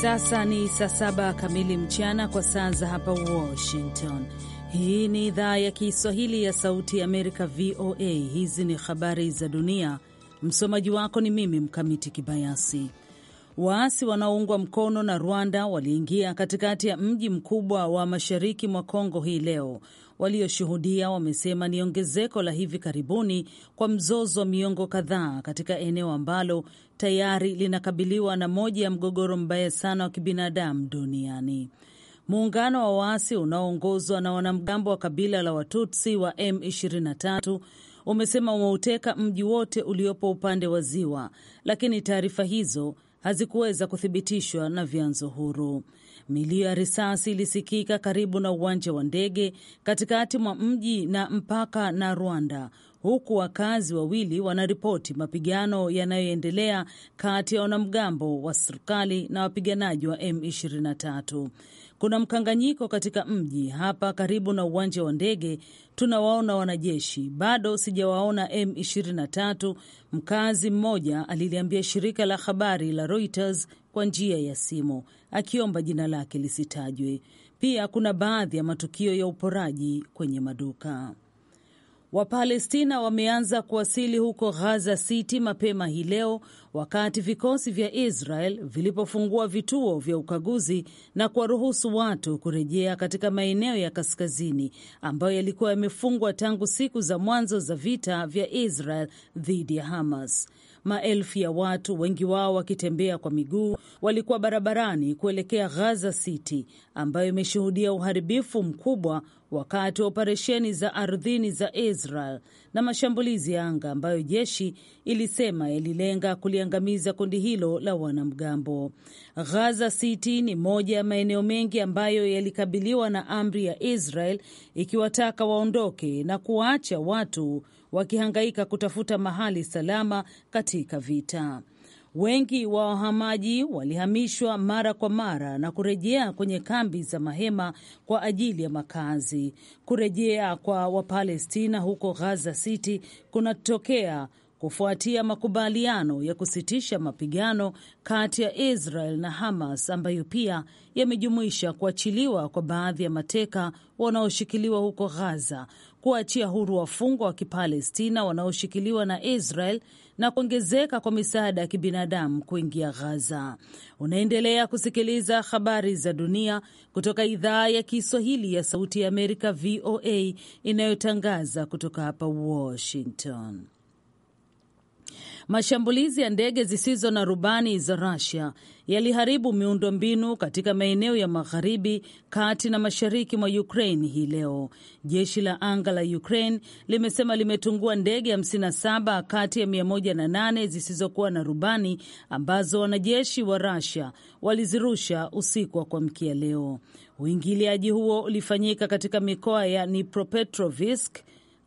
sasa ni saa saba kamili mchana kwa saa za hapa Washington. Hii ni idhaa ya Kiswahili ya Sauti ya Amerika, VOA. Hizi ni habari za dunia. Msomaji wako ni mimi Mkamiti Kibayasi. Waasi wanaoungwa mkono na Rwanda waliingia katikati ya mji mkubwa wa mashariki mwa Kongo hii leo. Walioshuhudia wamesema ni ongezeko la hivi karibuni kwa mzozo wa miongo kadhaa katika eneo ambalo tayari linakabiliwa na moja ya mgogoro mbaya sana wa kibinadamu duniani. Muungano wa waasi unaoongozwa na wanamgambo wa kabila la Watutsi wa M23 umesema umeuteka mji wote uliopo upande wa ziwa, lakini taarifa hizo hazikuweza kuthibitishwa na vyanzo huru. Milio ya risasi ilisikika karibu na uwanja wa ndege katikati mwa mji na mpaka na Rwanda, huku wakazi wawili wanaripoti mapigano yanayoendelea kati ya wanamgambo wa serikali na wapiganaji wa M23. Kuna mkanganyiko katika mji hapa karibu na uwanja wa ndege. Tunawaona wanajeshi, bado sijawaona M23. Mkazi mmoja aliliambia shirika la habari la Reuters kwa njia ya simu akiomba jina lake lisitajwe. Pia kuna baadhi ya matukio ya uporaji kwenye maduka. Wapalestina wameanza kuwasili huko Gaza City mapema hii leo wakati vikosi vya Israel vilipofungua vituo vya ukaguzi na kuwaruhusu watu kurejea katika maeneo ya kaskazini ambayo yalikuwa yamefungwa tangu siku za mwanzo za vita vya Israel dhidi ya Hamas. Maelfu ya watu, wengi wao wakitembea kwa miguu, walikuwa barabarani kuelekea Gaza City ambayo imeshuhudia uharibifu mkubwa wakati wa operesheni za ardhini za Israel na mashambulizi ya anga ambayo jeshi ilisema yalilenga kuliangamiza kundi hilo la wanamgambo. Gaza City ni moja ya maeneo mengi ambayo yalikabiliwa na amri ya Israel ikiwataka waondoke na kuwaacha watu wakihangaika kutafuta mahali salama katika vita. Wengi wa wahamaji walihamishwa mara kwa mara na kurejea kwenye kambi za mahema kwa ajili ya makazi. Kurejea kwa Wapalestina huko Gaza City kunatokea kufuatia makubaliano ya kusitisha mapigano kati ya Israel na Hamas ambayo pia yamejumuisha kuachiliwa kwa baadhi ya mateka wanaoshikiliwa huko Gaza kuachia huru wafungwa wa Kipalestina wanaoshikiliwa na Israel na kuongezeka kwa misaada ya kibinadamu kuingia Gaza. Unaendelea kusikiliza habari za dunia kutoka idhaa ya Kiswahili ya Sauti ya Amerika, VOA, inayotangaza kutoka hapa Washington. Mashambulizi ya ndege zisizo na rubani za rusia yaliharibu miundombinu katika maeneo ya magharibi, kati na mashariki mwa Ukraine hii leo. Jeshi la anga la Ukraine limesema limetungua ndege 57 kati ya 108 zisizokuwa na rubani ambazo wanajeshi wa rasia walizirusha usiku wa kuamkia leo. Uingiliaji huo ulifanyika katika mikoa ya Dnipropetrovsk,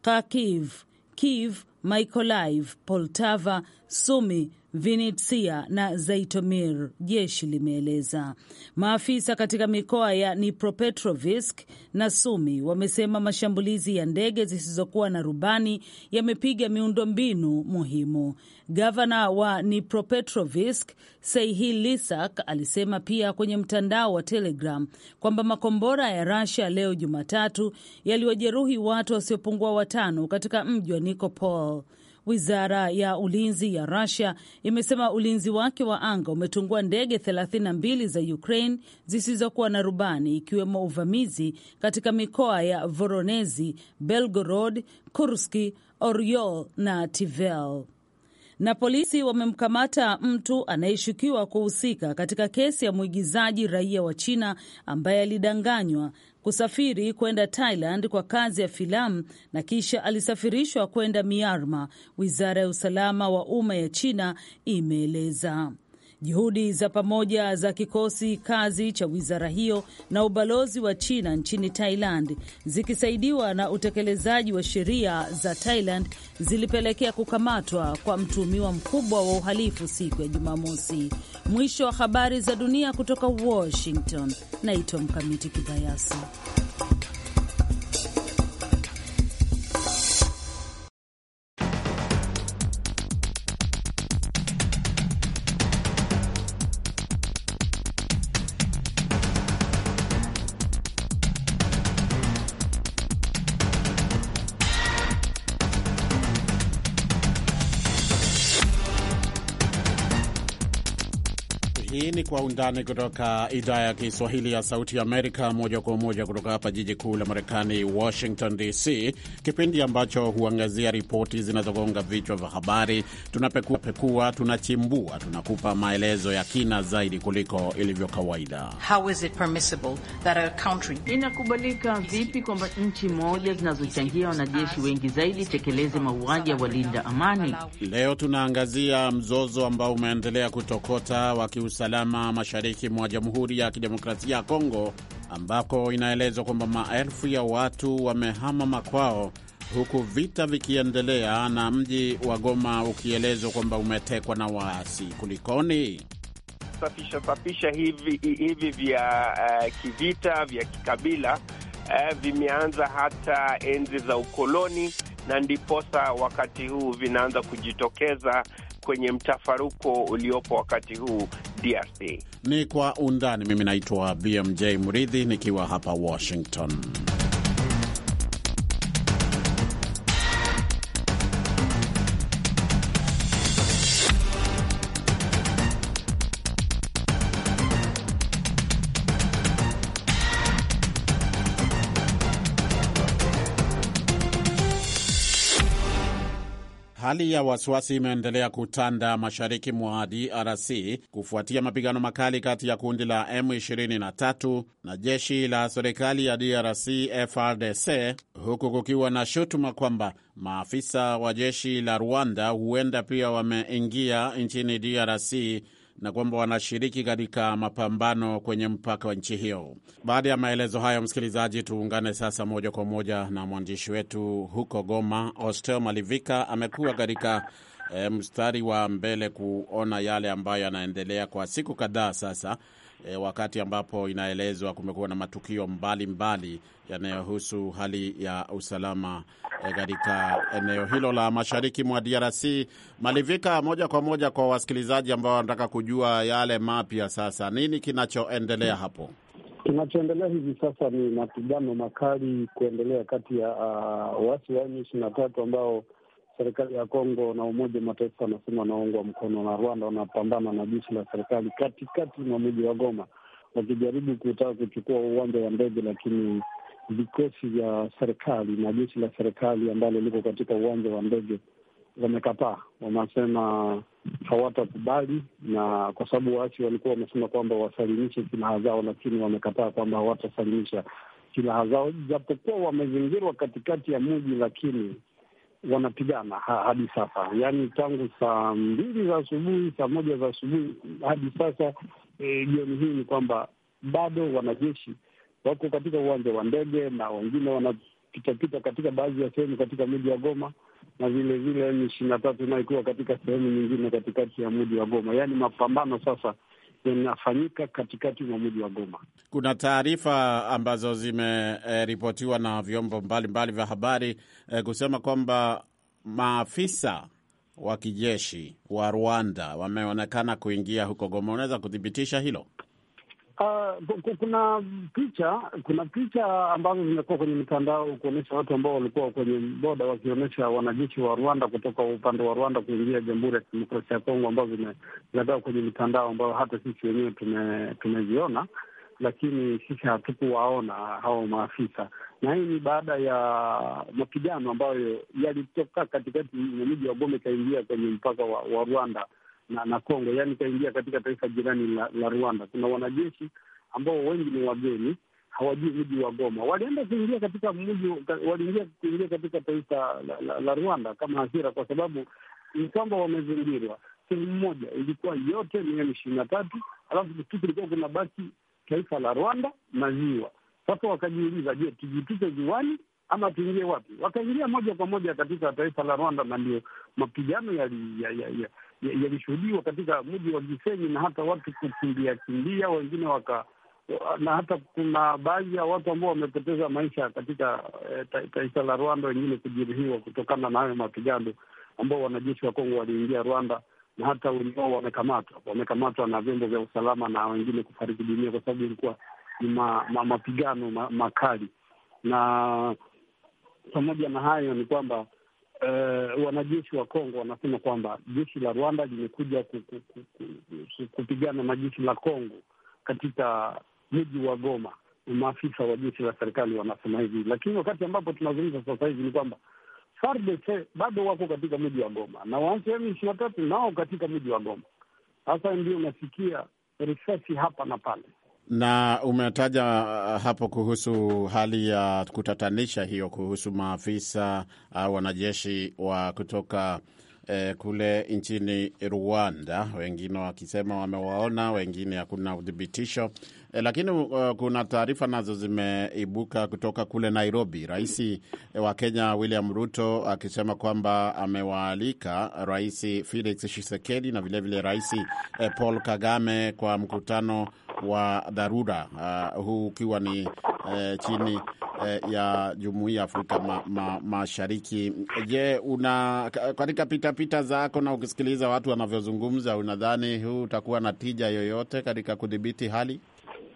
Kharkiv, Kiev Mykolaiv, Poltava, Sumi, Vinitsia na Zaitomir, jeshi limeeleza. Maafisa katika mikoa ya Nipropetrovisk na Sumi wamesema mashambulizi ya ndege zisizokuwa na rubani yamepiga miundombinu muhimu. Gavana wa Nipropetrovisk Seihi Lisak alisema pia kwenye mtandao wa Telegram kwamba makombora ya Rasia leo Jumatatu yaliwajeruhi watu wasiopungua watano katika mji wa Nikopol. Wizara ya ulinzi ya Rusia imesema ulinzi wake wa anga umetungua ndege 32 za Ukraine zisizokuwa na rubani, ikiwemo uvamizi katika mikoa ya Voronezi, Belgorod, Kurski, Oryol na Tivel na polisi wamemkamata mtu anayeshukiwa kuhusika katika kesi ya mwigizaji raia wa China ambaye alidanganywa kusafiri kwenda Thailand kwa kazi ya filamu na kisha alisafirishwa kwenda Myanmar, wizara ya usalama wa umma ya China imeeleza. Juhudi za pamoja za kikosi kazi cha wizara hiyo na ubalozi wa China nchini Thailand zikisaidiwa na utekelezaji wa sheria za Thailand zilipelekea kukamatwa kwa mtuhumiwa mkubwa wa uhalifu siku ya Jumamosi. Mwisho wa habari za dunia kutoka Washington. Naitwa Mkamiti Kibayasi. Kwa Undani kutoka idhaa ya Kiswahili ya Sauti Amerika, moja kwa moja kutoka hapa jiji kuu la Marekani, Washington DC, kipindi ambacho huangazia ripoti zinazogonga vichwa vya habari. Tunapekuapekua, tunachimbua, tunakupa maelezo ya kina zaidi kuliko ilivyo kawaida. Inakubalika vipi kwamba nchi moja zinazochangia wanajeshi wengi zaidi tekeleze mauaji ya walinda amani? Leo tunaangazia mzozo ambao umeendelea kutokota wa kiusalama mashariki mwa Jamhuri ya Kidemokrasia ya Kongo, ambako inaelezwa kwamba maelfu ya watu wamehama makwao huku vita vikiendelea na mji wa Goma ukielezwa kwamba umetekwa na waasi. Kulikoni? Safisha safisha hivi, hivi vya uh, kivita vya kikabila uh, vimeanza hata enzi za ukoloni na ndiposa wakati huu vinaanza kujitokeza kwenye mtafaruko uliopo wakati huu DRC. Ni kwa undani. Mimi naitwa BMJ Muridhi nikiwa hapa Washington. Hali ya wasiwasi imeendelea kutanda mashariki mwa DRC kufuatia mapigano makali kati ya kundi la M23 na jeshi la serikali ya DRC FRDC, huku kukiwa na shutuma kwamba maafisa wa jeshi la Rwanda huenda pia wameingia nchini DRC na kwamba wanashiriki katika mapambano kwenye mpaka wa nchi hiyo. Baada ya maelezo hayo, msikilizaji, tuungane sasa moja kwa moja na mwandishi wetu huko Goma, Ostel Malivika. Amekuwa katika e, mstari wa mbele kuona yale ambayo yanaendelea kwa siku kadhaa sasa e, wakati ambapo inaelezwa kumekuwa na matukio mbalimbali yanayohusu hali ya usalama e, katika e, eneo hilo la mashariki mwa DRC. Malivika, moja kwa moja kwa wasikilizaji ambao wanataka kujua yale mapya, sasa nini kinachoendelea hapo? Kinachoendelea hivi sasa ni mapigano makali kuendelea kati ya uh, wasi wa M ishirini na tatu ambao serikali ya Kongo na Umoja wa Mataifa wanasema wanaungwa mkono na Rwanda, wanapambana na jeshi la serikali katikati mwa mji wa Goma wakijaribu kutaka kuchukua uwanja wa ndege, lakini vikosi vya serikali na jeshi la serikali ambalo liko katika uwanja wa ndege wamekataa, wanasema hawatakubali, na kwa sababu waasi walikuwa wamesema kwamba wasalimishe silaha zao, lakini wamekataa kwamba hawatasalimisha silaha zao, japokuwa wamezingirwa katikati ya mji, lakini wanapigana hadi sasa, yaani tangu saa mbili za asubuhi, saa moja za asubuhi hadi sasa e, jioni e, hii ni kwamba bado wanajeshi wako katika uwanja wa ndege na wengine wanapitapita katika baadhi ya sehemu katika mji wa Goma na vile vile ishirini na tatu inayokuwa katika sehemu nyingine katikati ya mji wa Goma. Yaani mapambano sasa inafanyika katikati mwa mji wa Goma. Kuna taarifa ambazo zimeripotiwa na vyombo mbalimbali vya habari eh, kusema kwamba maafisa wa kijeshi wa Rwanda wameonekana kuingia huko Goma. Unaweza kuthibitisha hilo? Uh, kuna picha kuna picha ambazo zimekuwa kwenye mitandao kuonyesha watu ambao walikuwa kwenye boda wakionyesha wanajeshi wa Rwanda kutoka upande wa Rwanda kuingia Jamhuri ya Kidemokrasia ya Kongo, ambazo zimezagaa kwenye mitandao ambayo hata sisi wenyewe tumeziona, lakini sisi hatukuwaona hao maafisa. Na hii ni baada ya mapigano ambayo yalitoka katikati ya mji wa Goma ikaingia kwenye mpaka wa, wa Rwanda na na Kongo, yaani ikaingia katika taifa jirani la, la Rwanda. Kuna wanajeshi ambao wengi ni wageni, hawajui mji wa Goma, walienda kuingia katika mji, waliingia kuingia katika taifa la, la, la Rwanda kama hasira, kwa sababu ni kwamba wamezingirwa sehemu moja, ilikuwa yote ni M ishirini na tatu, alafu kitu kilikuwa kunabaki taifa la Rwanda na ziwa. Sasa wakajiuliza, je, tujitike ziwani ama tuingie wapi? Wakaingia moja kwa moja katika taifa la Rwanda, na ndio mapigano yali ya, ya, ya, ya, yalishuhudiwa katika mji wa Gisenyi na hata watu kukimbia kimbia, wengine waka na hata kuna baadhi ya watu ambao wamepoteza maisha katika eh, taifa la Rwanda, wengine kujeruhiwa kutokana na hayo mapigano ambao wanajeshi wa Kongo waliingia Rwanda, na hata wengine wamekamatwa wamekamatwa na vyombo vya usalama na wengine kufariki dunia, kwa sababu ilikuwa ni ma, ma, mapigano ma, makali. Na pamoja na hayo ni kwamba uh, wanajeshi wa Kongo wanasema kwamba jeshi la Rwanda limekuja kupigana na jeshi la Kongo katika mji wa Goma. Maafisa wa jeshi la serikali wanasema hivi, lakini wakati ambapo tunazungumza sasa hivi ni kwamba FARDC bado wako katika mji wa Goma na waasi wa ishirini na tatu nao katika mji wa Goma. Sasa ndio unasikia risasi hapa na pale. Na umetaja uh, hapo kuhusu hali ya kutatanisha hiyo kuhusu maafisa au uh, wanajeshi wa kutoka eh, kule nchini Rwanda, wengine wakisema wamewaona, wengine hakuna uthibitisho E, lakini uh, kuna taarifa nazo zimeibuka kutoka kule Nairobi, rais eh, wa Kenya William Ruto akisema kwamba amewaalika rais Felix Tshisekedi na vilevile rais eh, Paul Kagame kwa mkutano wa dharura uh, huu ukiwa ni eh, chini eh, ya jumuiya ya Afrika ma, ma, Mashariki. Je, una katika pitapita zako na ukisikiliza watu wanavyozungumza, unadhani huu utakuwa na tija yoyote katika kudhibiti hali?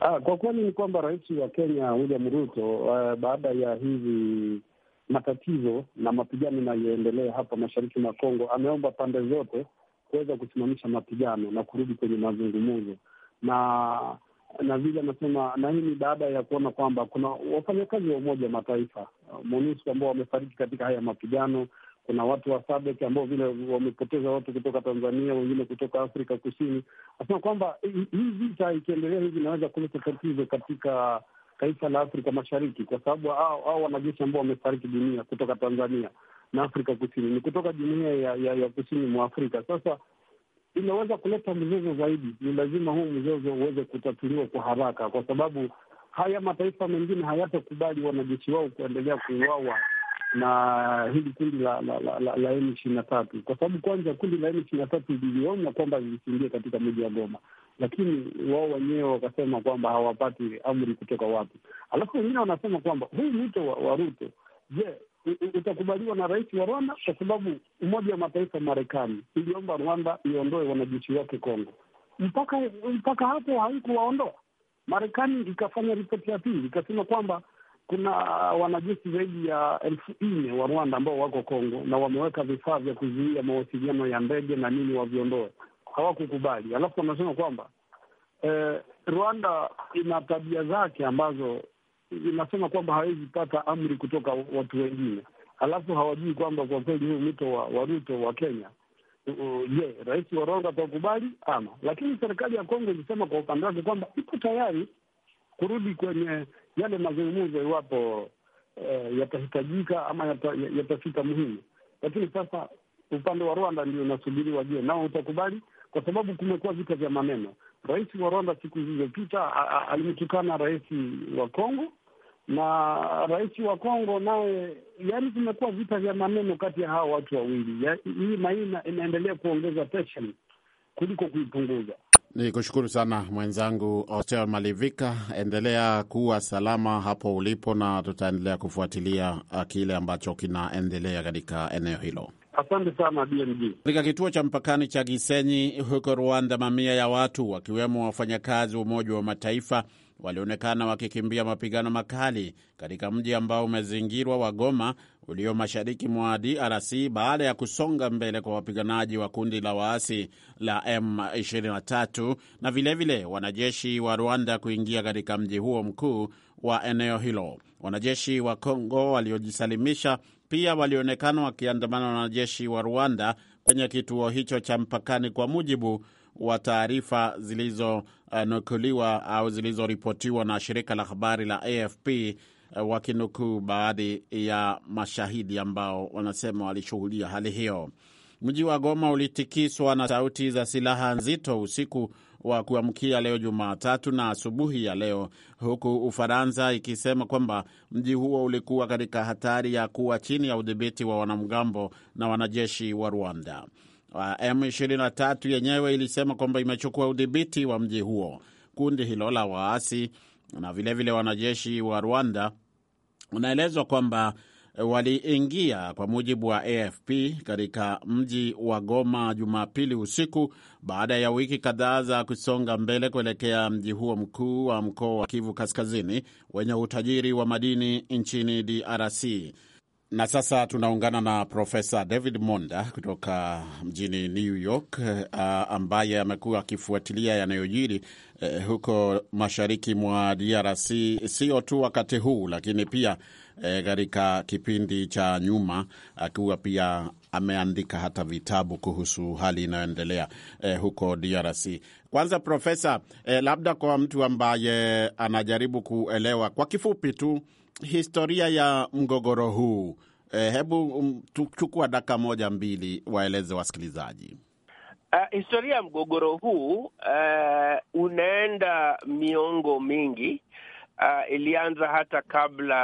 Ah, kwa kweli ni kwamba rais wa Kenya William Ruto uh, baada ya hizi matatizo na mapigano yanayoendelea hapa mashariki mwa Kongo ameomba pande zote kuweza kusimamisha mapigano na kurudi kwenye mazungumzo na na vile anasema, na hii ni baada ya kuona kwamba kuna wafanyakazi wa Umoja wa Mataifa eh, MONUSCO ambao wamefariki katika haya mapigano kuna watu wa SADC ambao vile wamepoteza watu kutoka Tanzania, wengine kutoka Afrika Kusini. Anasema kwamba hii vita ikiendelea hivi inaweza kuleta tatizo katika taifa la Afrika Mashariki, kwa sababu au wanajeshi ambao wamefariki dunia kutoka Tanzania na Afrika Kusini ni kutoka jumuia ya, ya, ya kusini mwa Afrika. Sasa inaweza kuleta mzozo zaidi. Ni lazima huu mzozo uweze kutatuliwa kwa haraka, kwa sababu haya mataifa mengine hayatakubali wanajeshi wao kuendelea kuuawa na hili kundi la la M ishirini na tatu, kwa sababu kwanza kundi la M ishirini na tatu lilionya kwamba lilisingia katika miji ya Goma, lakini wao wenyewe wakasema kwamba hawapati amri kutoka wapi. Alafu wengine wanasema kwamba huu mwito wa, wa Ruto je, utakubaliwa na rais wa Rwanda? Kwa sababu Umoja wa Mataifa, Marekani iliomba Rwanda iondoe wanajeshi wake Kongo, mpaka mpaka hapo haikuwaondoa. Marekani ikafanya ripoti ya pili ikasema kwamba kuna wanajeshi zaidi ya elfu nne wa Rwanda ambao wako Kongo na wameweka vifaa vya kuzuia mawasiliano ya ndege na nini, waviondoe. Hawakukubali. Alafu wanasema kwamba eh, Rwanda ina tabia zake ambazo inasema kwamba hawezi pata amri kutoka watu wengine, alafu hawajui kwamba kwa kweli huu mwito wa, wa Ruto wa Kenya je, yeah, rais wa Rwanda atakubali ama? Lakini serikali ya Kongo ilisema kwa upande wake kwamba ipo tayari kurudi kwenye yale mazungumzo iwapo eh, yatahitajika ama yatafika yata muhimu. Lakini sasa upande wa Rwanda ndio unasubiri wajue nao utakubali, kwa sababu kumekuwa vita vya maneno. Rais wa Rwanda siku zilizopita alimtukana rais wa Kongo na rais wa Kongo naye, yani kumekuwa vita vya maneno kati ya hawa watu wawili. Hii maina inaendelea kuongeza tension kuliko kuipunguza. Ni kushukuru sana mwenzangu Ostel Malivika. Endelea kuwa salama hapo ulipo, na tutaendelea kufuatilia uh, kile ambacho kinaendelea katika eneo hilo. Asante sana BMG. Katika kituo cha mpakani cha Gisenyi huko Rwanda, mamia ya watu wakiwemo wafanyakazi wa Umoja wa Mataifa walionekana wakikimbia mapigano makali katika mji ambao umezingirwa wa Goma ulio mashariki mwa DRC baada ya kusonga mbele kwa wapiganaji wa kundi la waasi la M23 na vilevile vile wanajeshi wa Rwanda kuingia katika mji huo mkuu wa eneo hilo. Wanajeshi wa congo waliojisalimisha pia walionekana wakiandamana na wanajeshi wa Rwanda kwenye kituo hicho cha mpakani, kwa mujibu wa taarifa zilizo zilizonukuliwa uh, au zilizoripotiwa na shirika la habari la AFP uh, wakinukuu baadhi ya mashahidi ambao wanasema walishuhudia hali hiyo. Mji wa Goma ulitikiswa na sauti za silaha nzito usiku wa kuamkia leo Jumatatu na asubuhi ya leo, huku Ufaransa ikisema kwamba mji huo ulikuwa katika hatari ya kuwa chini ya udhibiti wa wanamgambo na wanajeshi wa Rwanda. Uh, M23 yenyewe ilisema kwamba imechukua udhibiti wa mji huo. Kundi hilo la waasi na vilevile vile wanajeshi wa Rwanda unaelezwa kwamba eh, waliingia kwa mujibu wa AFP katika mji wa Goma Jumapili usiku baada ya wiki kadhaa za kusonga mbele kuelekea mji huo mkuu wa mkoa wa Kivu Kaskazini wenye utajiri wa madini nchini DRC. Na sasa tunaungana na Profesa David Monda kutoka mjini New York uh, ambaye amekuwa akifuatilia yanayojiri uh, huko mashariki mwa DRC, sio tu wakati huu, lakini pia eh, katika uh, kipindi cha nyuma, akiwa pia ameandika hata vitabu kuhusu hali inayoendelea uh, huko DRC. Kwanza Profesa, uh, labda kwa mtu ambaye anajaribu kuelewa kwa kifupi tu historia ya mgogoro huu e, hebu um, tuchukua dakika moja mbili, waeleze wasikilizaji uh, historia ya mgogoro huu uh, unaenda miongo mingi uh, ilianza hata kabla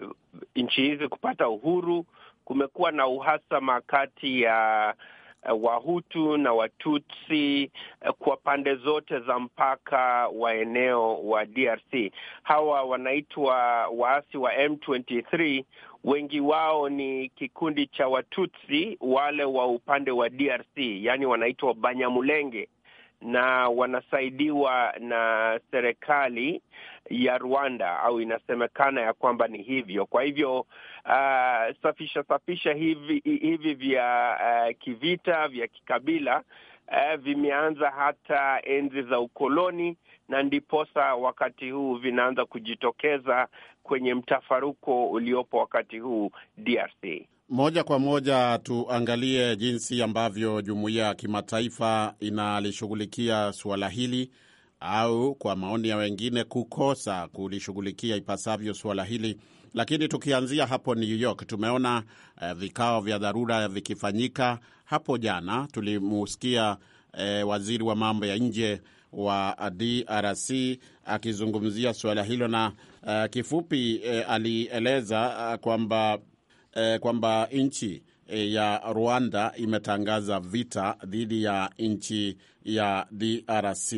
uh, nchi hizi kupata uhuru. Kumekuwa na uhasama kati ya uh, Eh, Wahutu na Watutsi eh, kwa pande zote za mpaka wa eneo wa DRC. Hawa wanaitwa waasi wa M23. Wengi wao ni kikundi cha Watutsi wale wa upande wa DRC, yaani wanaitwa Banyamulenge na wanasaidiwa na serikali ya Rwanda au inasemekana ya kwamba ni hivyo. Kwa hivyo uh, safisha safisha hivi hivi vya uh, kivita vya kikabila uh, vimeanza hata enzi za ukoloni, na ndiposa wakati huu vinaanza kujitokeza kwenye mtafaruko uliopo wakati huu DRC. Moja kwa moja tuangalie jinsi ambavyo jumuiya ya kimataifa inalishughulikia suala hili au kwa maoni ya wengine kukosa kulishughulikia ipasavyo suala hili. Lakini tukianzia hapo New York, tumeona eh, vikao vya dharura vikifanyika. Hapo jana tulimusikia eh, waziri wa mambo ya nje wa DRC akizungumzia suala hilo na eh, kifupi eh, alieleza eh, kwamba eh, kwamba nchi eh, ya Rwanda imetangaza vita dhidi ya nchi ya DRC.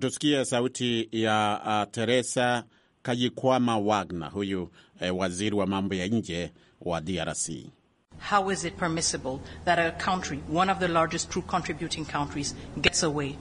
Tusikie sauti ya uh, Teresa Kayikwama Wagner, huyu eh, waziri wa mambo ya nje wa DRC. How is it permissible that a country, one of the largest troop contributing countries, gets away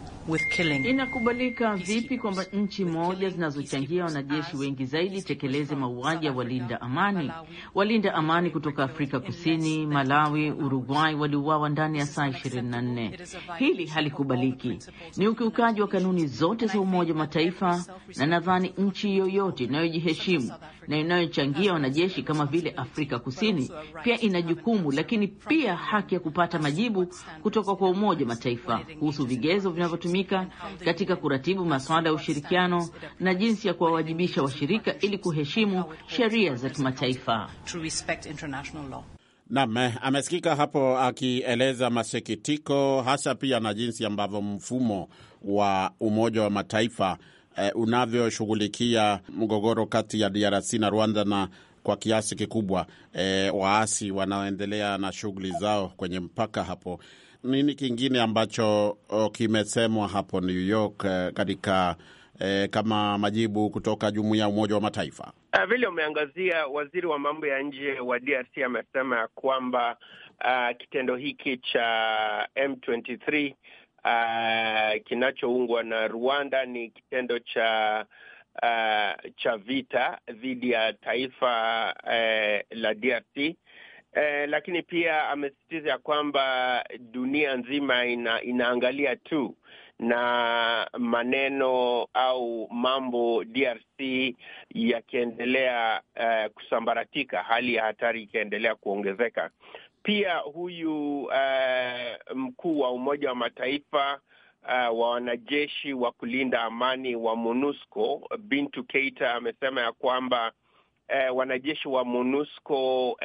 Inakubalika vipi kwamba nchi moja zinazochangia wanajeshi wengi zaidi tekeleze mauaji ya walinda amani? Walinda amani kutoka Afrika Kusini, Malawi, Uruguay waliuawa ndani ya saa 24. Hili halikubaliki, ni ukiukaji wa kanuni zote za Umoja wa Mataifa, na nadhani nchi yoyote inayojiheshimu na inayochangia wanajeshi kama vile Afrika Kusini pia ina jukumu, lakini pia haki ya kupata majibu kutoka kwa Umoja Mataifa kuhusu vigezo vinavyotumika katika kuratibu masuala ya ushirikiano na jinsi ya kuwawajibisha washirika ili kuheshimu sheria za kimataifa. Naam, eh, amesikika hapo akieleza masikitiko hasa pia na jinsi ambavyo mfumo wa Umoja wa Mataifa eh, unavyoshughulikia mgogoro kati ya DRC na Rwanda na kwa kiasi kikubwa eh, waasi wanaoendelea na shughuli zao kwenye mpaka hapo. Nini kingine ambacho oh, kimesemwa hapo New York eh, katika eh, kama majibu kutoka jumuiya ya Umoja wa Mataifa? Ah, vile umeangazia, waziri wa mambo ya nje wa DRC amesema ya kwamba uh, kitendo hiki cha M23 uh, kinachoungwa na Rwanda ni kitendo cha uh, cha vita dhidi ya taifa uh, la DRC. uh, eh, lakini pia amesisitiza ya kwamba dunia nzima ina, inaangalia tu na maneno au mambo DRC yakiendelea uh, kusambaratika, hali ya hatari ikiendelea kuongezeka. Pia huyu uh, mkuu wa Umoja wa Mataifa uh, wa wanajeshi wa kulinda amani wa MONUSCO Bintu Keita amesema ya kwamba uh, wanajeshi wa MONUSCO uh,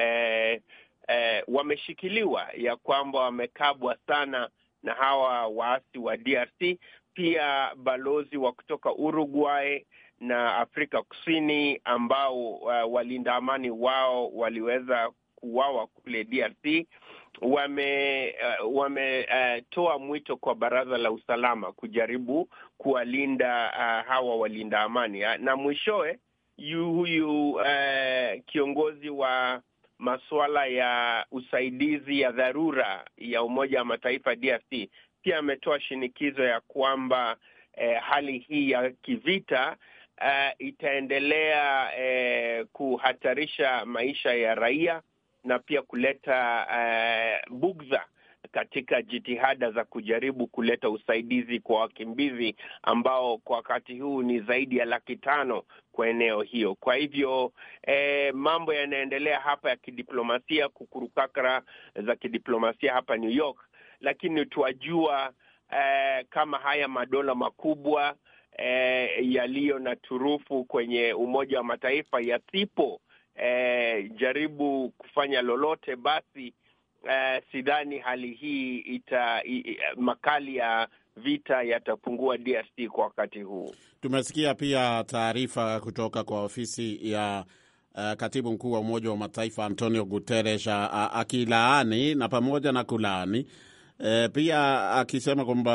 uh, wameshikiliwa, ya kwamba wamekabwa sana na hawa waasi wa DRC. Pia balozi wa kutoka Uruguay na Afrika Kusini ambao uh, walinda amani wao waliweza kuuawa kule DRC wametoa uh, wame, uh, mwito kwa baraza la usalama kujaribu kuwalinda uh, hawa walinda amani uh, na mwishowe huyu uh, kiongozi wa masuala ya usaidizi ya dharura ya Umoja wa Mataifa DRC pia ametoa shinikizo ya kwamba eh, hali hii ya kivita eh, itaendelea eh, kuhatarisha maisha ya raia na pia kuleta uh, eh, bugdha katika jitihada za kujaribu kuleta usaidizi kwa wakimbizi ambao kwa wakati huu ni zaidi ya laki tano kwa eneo hiyo. Kwa hivyo eh, mambo yanaendelea hapa ya kidiplomasia, kukurukakara za kidiplomasia hapa New York, lakini tuwajua eh, kama haya madola makubwa eh, yaliyo na turufu kwenye Umoja wa Mataifa yasipo eh, jaribu kufanya lolote, basi eh, sidhani hali hii ita i, makali ya vita yatapungua DRC kwa wakati huu. Tumesikia pia taarifa kutoka kwa ofisi ya uh, katibu mkuu wa Umoja wa Mataifa Antonio Guterres akilaani na pamoja na kulaani E, pia akisema kwamba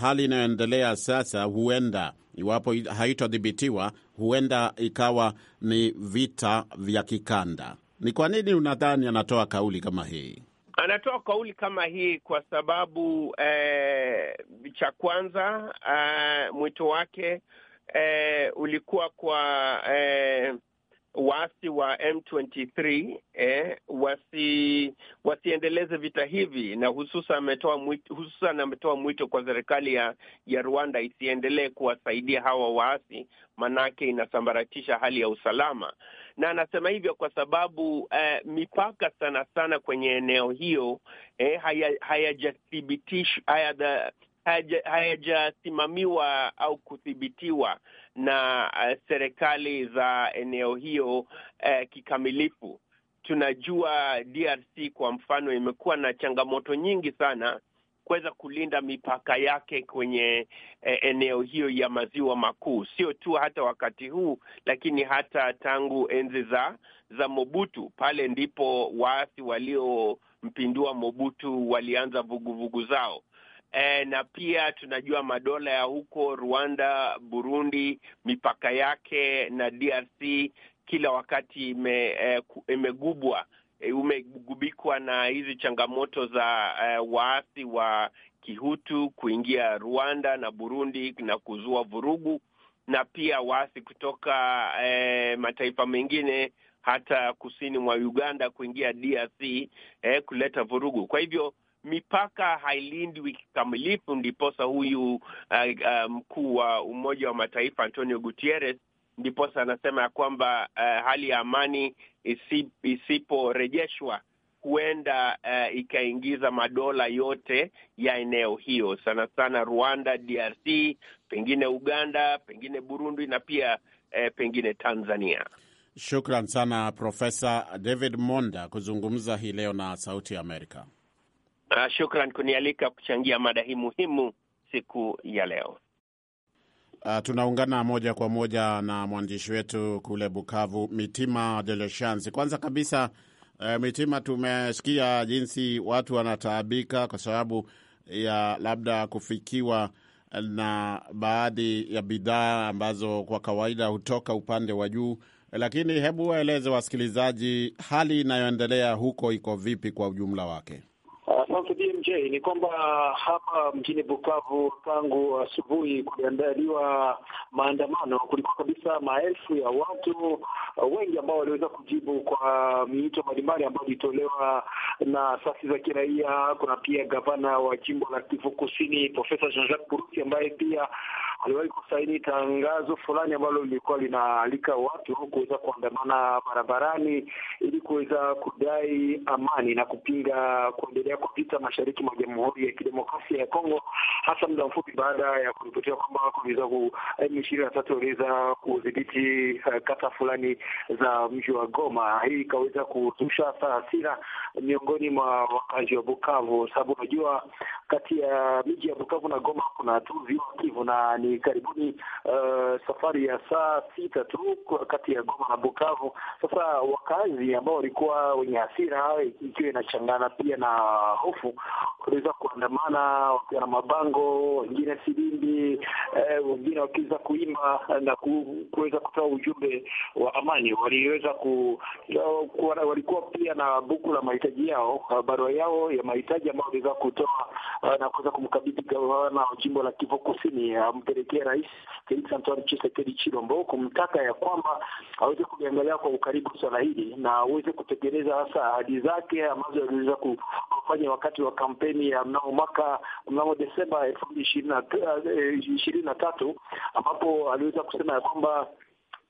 hali inayoendelea sasa huenda iwapo haitodhibitiwa huenda ikawa ni vita vya kikanda. Ni kwa nini unadhani anatoa kauli kama hii? Anatoa kauli kama hii kwa sababu eh, cha kwanza eh, mwito wake eh, ulikuwa kwa eh, waasi wa M23 eh, wasi wasiendeleze vita hivi, na hususan ametoa mwito, hususan ametoa mwito kwa serikali ya, ya Rwanda isiendelee kuwasaidia hawa waasi, manake inasambaratisha hali ya usalama, na anasema hivyo kwa sababu eh, mipaka sana sana kwenye eneo hiyo eh, hayajathibitishwa haya hayajasimamiwa haya haya au kuthibitiwa na uh, serikali za eneo hiyo uh, kikamilifu. Tunajua DRC kwa mfano imekuwa na changamoto nyingi sana kuweza kulinda mipaka yake kwenye eh, eneo hiyo ya maziwa makuu, sio tu hata wakati huu, lakini hata tangu enzi za za Mobutu. Pale ndipo waasi waliompindua Mobutu walianza vuguvugu vugu zao, e, na pia tunajua madola ya huko Rwanda, Burundi, mipaka yake na DRC kila wakati ime, eh, imegubwa e, umegubikwa na hizi changamoto za e, waasi wa Kihutu kuingia Rwanda na Burundi na kuzua vurugu na pia waasi kutoka e, mataifa mengine hata kusini mwa Uganda kuingia DRC e, kuleta vurugu. Kwa hivyo mipaka hailindwi kikamilifu, ndiposa huyu uh, uh, mkuu um, wa Umoja wa Mataifa Antonio Gutierrez ndiposa anasema ya kwamba uh, hali ya amani isiporejeshwa huenda uh, ikaingiza madola yote ya eneo hiyo, sana sana Rwanda, DRC, pengine Uganda, pengine Burundi na pia uh, pengine Tanzania. Shukran sana Profesa David Monda kuzungumza hii leo na Sauti ya Amerika. Uh, shukran kunialika kuchangia mada hii muhimu siku ya leo. Uh, tunaungana moja kwa moja na mwandishi wetu kule Bukavu, Mitima De Kwanza kabisa uh, Mitima, tumesikia jinsi watu wanataabika kwa sababu ya labda kufikiwa na baadhi ya bidhaa ambazo kwa kawaida hutoka upande wa juu, lakini hebu waeleze wasikilizaji hali inayoendelea huko iko vipi kwa ujumla wake? BMJ, ni kwamba hapa mjini Bukavu tangu asubuhi kuliandaliwa maandamano. Kulikuwa kabisa maelfu ya watu uh, wengi ambao waliweza kujibu kwa miito mbalimbali ambayo ilitolewa na asasi za kiraia. Kuna pia gavana wa jimbo la Kivu Kusini Profesa Jean-Jacques Purusi ambaye pia aliwahi kusaini tangazo fulani ambalo lilikuwa linaalika watu kuweza kuandamana barabarani ili kuweza kudai amani na kupinga kuendelea kwa vita mashariki mashariki mwa Jamhuri ya Kidemokrasia ya Kongo, hasa muda mfupi baada ya kuripotiwa kwamba kuliweza eh, m na tatu waliweza kudhibiti eh, kata fulani za mji wa Goma. Hii ikaweza kuzusha hasa hasira miongoni mwa wakazi wa Bukavu, sababu unajua kati ya miji ya Bukavu na Goma kuna tu ziwa Kivu na ni karibuni uh, safari ya saa sita tu kati ya Goma na Bukavu. Sasa wakazi ambao walikuwa wenye hasira ikiwa inachangana pia na hofu waliweza kuandamana wakiwa na mabango, wengine filimbi, eh, wengine wakiweza kuimba na kuweza kutoa ujumbe wa amani. Waliweza ku, walikuwa pia na buku la mahitaji yao, barua yao ya mahitaji ambayo waliweza kutoa eh, na kuweza kumkabidhi gavana wa jimbo la Kivu Kusini, eh, ampelekea Rais Felix Antoine Tshisekedi Chilombo, kumtaka ya kwamba aweze kuliangalia kwa ukaribu swala hili na aweze kutekeleza hasa ahadi zake ambazo aliweza kufanya wakati wa kampeni ya mnamo mwaka mnamo Desemba elfu mbili ishirini na eh, tatu ambapo aliweza kusema ya kwamba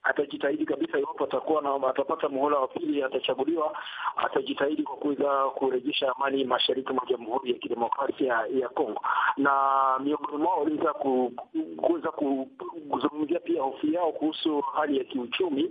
atajitahidi kabisa, iwapo atakuwa na atapata muhula wa pili, atachaguliwa, atajitahidi kwa kuweza kurejesha amani mashariki mwa Jamhuri ya Kidemokrasia ya Kongo, na miongoni mwao waliweza kuweza kuzungumzia pia hofu yao kuhusu hali ya kiuchumi,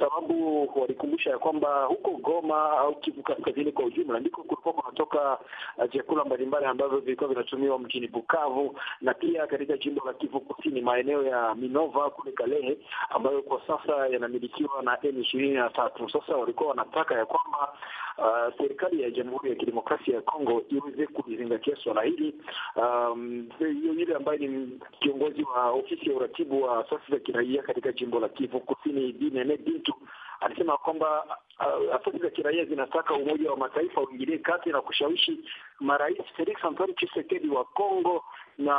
sababu walikumbusha ya kwamba huko Goma au Kivu Kaskazini kwa ujumla ndiko kulikuwa kunatoka uh, vyakula mbalimbali ambavyo vilikuwa vinatumiwa mjini Bukavu na pia katika jimbo la Kivu Kusini, maeneo ya Minova kule Kalehe ambayo kwa sasa yanamilikiwa na M ishirini na tatu. Sasa walikuwa wanataka ya kwamba uh, serikali ya Jamhuri ya Kidemokrasia ya Kongo iweze kulizingatia swala hili. Um, yule ambaye ni kiongozi wa ofisi ya uratibu wa asasi za kiraia katika jimbo la Kivu Kusini, Dinene Bintu alisema kwamba Uh, asasi za kiraia zinataka Umoja wa Mataifa uingilie kati na kushawishi marais Felix Antoine Tshisekedi wa Kongo na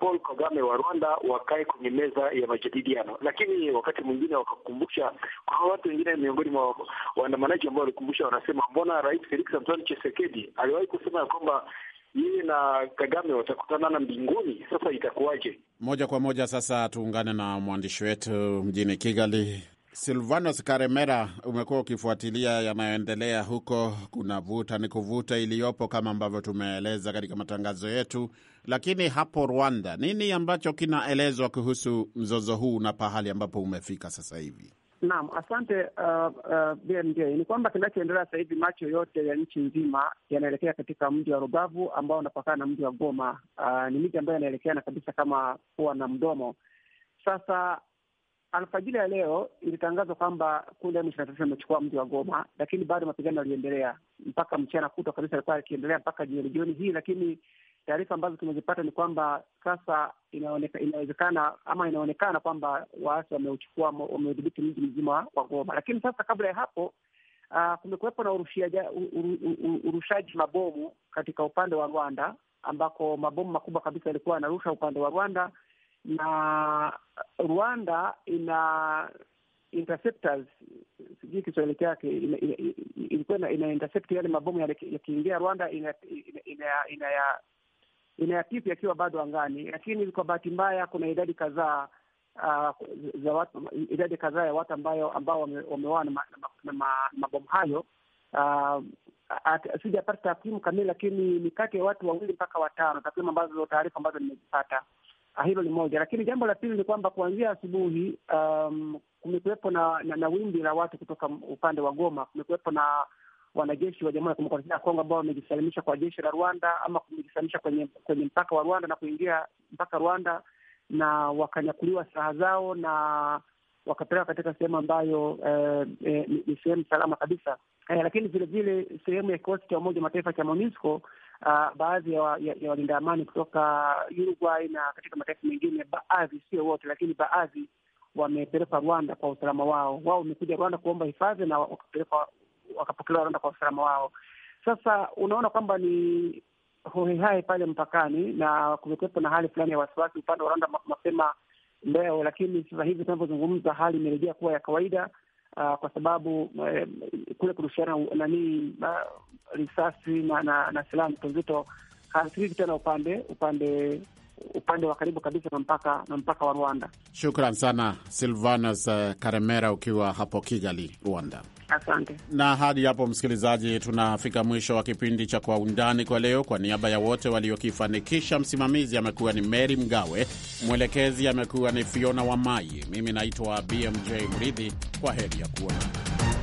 Paul Kagame wa Rwanda wakae kwenye meza ya majadiliano, lakini wakati mwingine wakakumbusha kwa watu wengine miongoni mwa waandamanaji ambao walikumbusha, wanasema mbona rais Felix Antoine Tshisekedi aliwahi kusema ya kwamba yeye na Kagame watakutana na mbinguni. Sasa itakuwaje? Moja kwa moja sasa tuungane na mwandishi wetu mjini Kigali Silvanos Karemera, umekuwa ukifuatilia yanayoendelea huko. Kuna vuta ni kuvuta iliyopo kama ambavyo tumeeleza katika matangazo yetu, lakini hapo Rwanda, nini ambacho kinaelezwa kuhusu mzozo huu na pahali ambapo umefika sasa hivi? Naam, asante uh, uh, BMJ. Ni kwamba kinachoendelea sasa hivi, macho yote ya nchi nzima yanaelekea katika mji wa Rubavu ambao unapakana na mji wa Goma. Uh, ni miji ambayo yanaelekeana kabisa kama kuwa na mdomo. Sasa Alfajiri ya leo ilitangazwa kwamba kundi la m tatu limechukua mji wa Goma, lakini bado mapigano yaliendelea mpaka mchana kutwa kabisa, alikuwa yakiendelea mpaka jioni jioni hii. Lakini taarifa ambazo tumezipata ni kwamba sasa inawezekana ama inaonekana kwamba waasi wameuchukua, wameudhibiti mji mzima wa Goma. Lakini sasa kabla ya hapo uh, kumekuwepo na urushaji mabomu katika upande wa Rwanda ambako mabomu makubwa kabisa yalikuwa yanarusha upande wa Rwanda na Rwanda ina interceptors, sijui Kiswahili chake, ilikuwa ina, intercept yale mabomu yakiingia Rwanda inayatipu ina, yakiwa bado angani, lakini kwa bahati mbaya kuna idadi kadhaa uh, za watu, idadi kadhaa ya watu ambayo ambao wamewawa na, ma, na ma, mabomu hayo uh, sijapata takwimu kamili, lakini ni kati ya watu wawili mpaka watano, takwimu ambazo taarifa ambazo nimezipata. Ah, hilo ni moja, lakini jambo la pili ni kwamba kuanzia asubuhi um, kumekuwepo na, na, na wimbi la watu kutoka upande wa Goma. Kumekuwepo na wanajeshi wa Jamhuri ya Kidemokrasia ya Kongo ambao wamejisalimisha kwa jeshi la Rwanda ama kumejisalimisha kwenye, kwenye mpaka wa Rwanda na kuingia mpaka Rwanda na wakanyakuliwa silaha zao na wakapeleka katika sehemu ambayo eh, eh, ni sehemu salama kabisa eh, lakini vilevile sehemu ya kikosi cha Umoja Mataifa cha MONUSCO uh, baadhi ya, ya, ya walinda amani kutoka Uruguay na katika mataifa mengine, baadhi, sio wote, lakini baadhi wamepelekwa Rwanda kwa usalama wao. Wao wamekuja Rwanda kuomba hifadhi na wakapelekwa wakapokelewa Rwanda kwa usalama wao. Sasa unaona kwamba ni hohehahe pale mpakani, na kumekuwepo na hali fulani ya wasiwasi upande wa Rwanda mapema leo, lakini sasa hivi tunavyozungumza, hali imerejea kuwa ya kawaida uh, kwa sababu uh, kule kurushiana nanii uh, risasi na, na, na silaha mtozito hazikiki tena upande upande upande wa karibu kabisa na mpaka na mpaka wa Rwanda. Shukran sana Silvanus eh, Karemera ukiwa hapo Kigali, Rwanda. Asante. Na hadi hapo, msikilizaji, tunafika mwisho wa kipindi cha Kwa Undani kwa leo. Kwa niaba ya wote waliokifanikisha, msimamizi amekuwa ni Mary Mgawe, mwelekezi amekuwa ni Fiona Wamai, mimi naitwa BMJ Mridhi. Kwa heri ya kuonana.